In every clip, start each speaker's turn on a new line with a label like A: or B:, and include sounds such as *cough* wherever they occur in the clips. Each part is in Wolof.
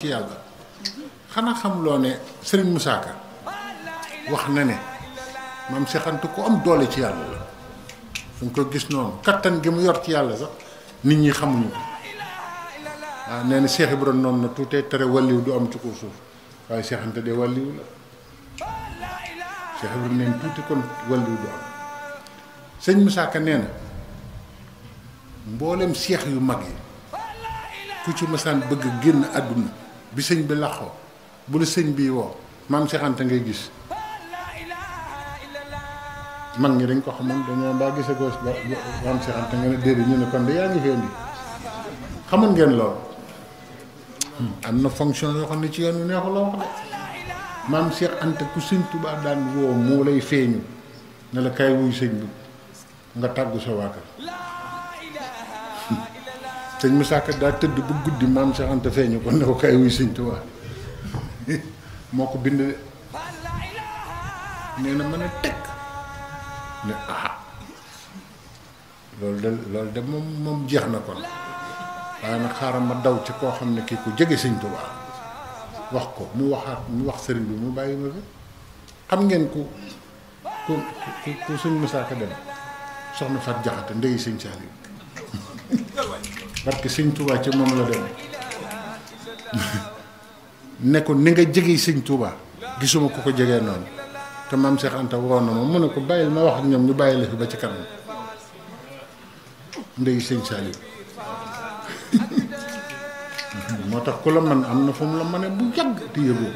A: ci yàlla xanaa xam loo ne sëriñ Moussa wax na ne maam Cheikh Anta ku am doole ci yàlla la dañ ko gis noonu kattan gi mu yor ci yàlla sax nit ñi xamuñu ko waaw ah, nee na Cheikh Ibrahima noonu na tuutee tere wàlliw du am ci kaw suuf waaye Cheikh neen mboolem seex yu mag yi ku ci masaan bëgg génn àdduna bi sëñ bi laxoo bu la sëñ bi woo maam Cheikh Anta ngay gis mag ñi dañ ko xamoon dañoo mbaa gis ko maam Cheikh Anta nga ñu ne kon de yaa ngi fi indi xamoon hmm. na fonction yoo xam ne ci yoon wi neexu la wax de maam Cheikh Anta sa waa sëñ Moussa Ka daa tëdd bu guddi maam Cheikh Anta feeñu ko ne ko kay wuy sëñ Tuubaa *laughs* moo ko bind de nee na mën a teg ne ah loolu de loolu de moom moom jeex na kon waaye nag xaaral ma daw ci koo xam ne kii ku jege sëñ Tuubaa wax ko mu waxaat mu wax sëriñ bi mu bàyyi ma fi xam ngeen ku ku ku sëñ Moussa Ka dem soxna Fat Jaxate ndeyu sëñ Saliou parce que sëñ Touba ci moom la dem *laughs* ne ko ni nga jege sëñ Touba gisuma ku ko jegee noonu te maam Cheikh Anta woon na ma mu ne ko bàyyil ma wax ak ñoom ñu bàyyi la fi ba ci kanam ndey sëñ Saliou *laughs* moo tax ku la man am na fu mu la mënee bu yàgg te yëgoo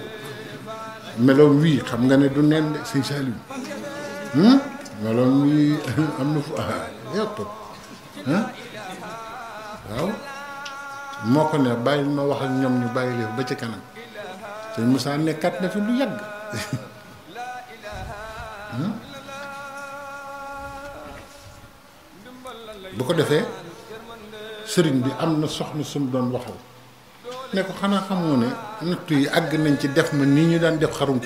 A: meloom wii xam nga ne du neen de sëñ Saliou hmm? meloom wii *laughs* am na fu ah yëpp waaw moo ko ne bàyyil ma wax ñoom ñu bàyyi leen ba ci kanam sëñ musaa nekkaat na fi lu yàgg hmm? bu ko defee sëriñ bi am na soxna sum doon waxal ne ko xanaa xamoo ne nattu yi àgg nañ ci def ma nii ñu daan def xarum